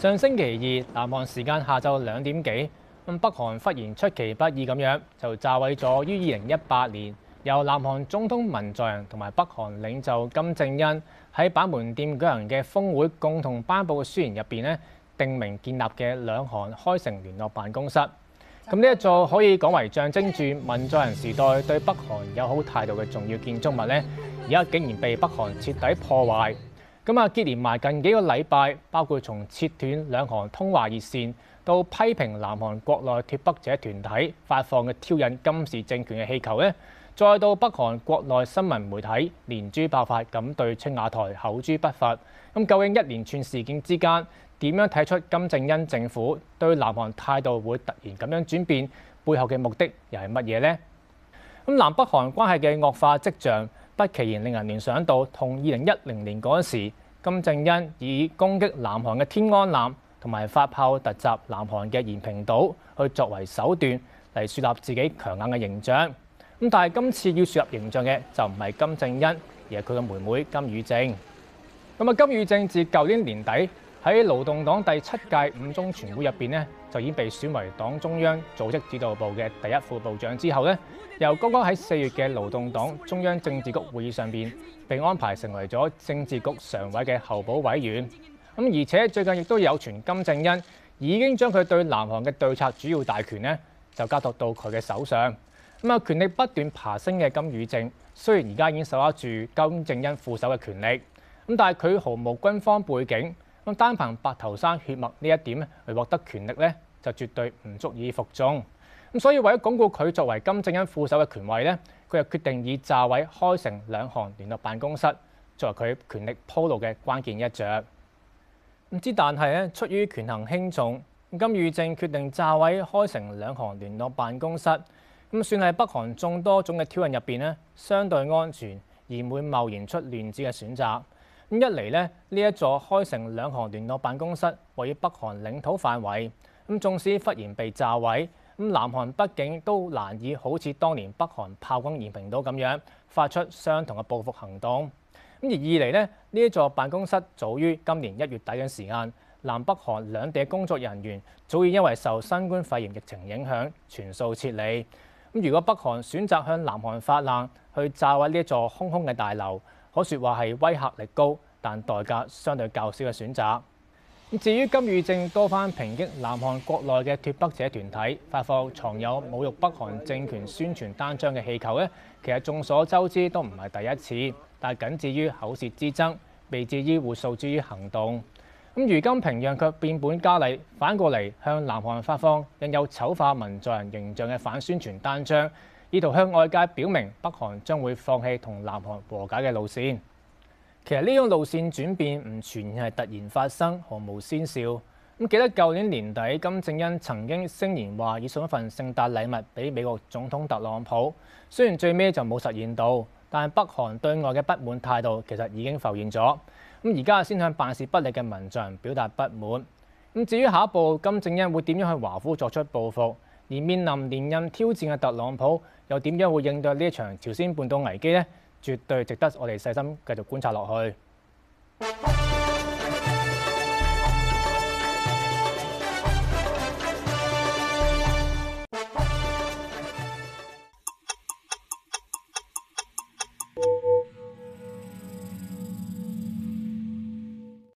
上星期二，南韓時間下晝兩點幾，北韓忽然出其不意咁樣就炸毀咗於二零一八年由南韓總統文在寅同埋北韓領袖金正恩喺板門店舉行嘅峰會共同頒布嘅宣言入邊呢，定名建立嘅兩韓開城聯絡辦公室。咁呢一座可以講為象徵住文在寅時代對北韓友好態度嘅重要建築物呢，而家竟然被北韓徹底破壞。咁啊，結連埋近幾個禮拜，包括從切斷兩韓通話熱線，到批評南韓國內脱北者團體發放嘅挑釁金氏政權嘅氣球呢，再到北韓國內新聞媒體連珠爆發，咁對青瓦台口誅筆伐。咁究竟一連串事件之間點樣睇出金正恩政府對南韓態度會突然咁樣轉變？背後嘅目的又係乜嘢呢？咁南北韓關係嘅惡化跡象，不其然令人聯想到同二零一零年嗰陣時。金正恩以攻擊南韓嘅天安艦同埋發炮突襲南韓嘅延坪島去作為手段嚟樹立自己強硬嘅形象。咁但係今次要樹立形象嘅就唔係金正恩，而係佢嘅妹妹金與正。咁啊，金與正自舊年年底，喺勞動黨第七屆五中全會入邊呢就已經被選為黨中央組織指導部嘅第一副部長。之後呢，又剛剛喺四月嘅勞動黨中央政治局會議上邊，被安排成為咗政治局常委嘅候補委員。咁、嗯、而且最近亦都有傳金正恩已經將佢對南韓嘅對策主要大權呢，就交託到佢嘅手上。咁、嗯、啊，權力不斷爬升嘅金與正，雖然而家已經手握住金正恩副手嘅權力，咁但係佢毫無軍方背景。單憑白頭山血脈呢一點咧，嚟獲得權力呢，就絕對唔足以服眾。咁所以為咗鞏固佢作為金正恩副手嘅權位呢，佢又決定以炸毀開城兩韓聯絡辦公室作為佢權力鋪路嘅關鍵一著。唔知但係咧，出於權衡輕重，金與正決定炸毀開城兩韓聯絡辦公室，咁算係北韓眾多種嘅挑釁入邊呢，相對安全而唔會貿然出亂子嘅選擇。咁一嚟呢，呢一座開城兩韓聯絡辦公室位於北韓領土範圍，咁縱使忽然被炸毀，咁南韓畢竟都難以好似當年北韓炮轟延坪島咁樣，發出相同嘅報復行動。咁而二嚟呢，呢一座辦公室早於今年一月底嘅時間，南北韓兩地工作人員早已因為受新冠肺炎疫情影響，全數撤離。咁如果北韓選擇向南韓發難，去炸毀呢一座空空嘅大樓。可説話係威嚇力高，但代價相對較少嘅選擇。至於金與正多番抨擊南韓國內嘅脱北者團體，發放藏有侮辱北韓政權宣傳單張嘅氣球，呢其實眾所周知都唔係第一次。但僅至於口舌之爭，未至於會訴諸於行動。咁如今平壤卻變本加厲，反過嚟向南韓發放印有醜化文在寅形象嘅反宣傳單張。意圖向外界表明北韓將會放棄同南韓和解嘅路線。其實呢種路線轉變唔全係突然發生，毫無先兆。咁記得舊年年底，金正恩曾經聲言話要送一份聖誕禮物俾美國總統特朗普。雖然最尾就冇實現到，但北韓對外嘅不滿態度其實已經浮現咗。咁而家先向辦事不力嘅文將表達不滿。咁至於下一步金正恩會點樣去華府作出報復？而面臨連任挑戰嘅特朗普又點樣會應對呢一場朝鮮半島危機呢？絕對值得我哋細心繼續觀察落去。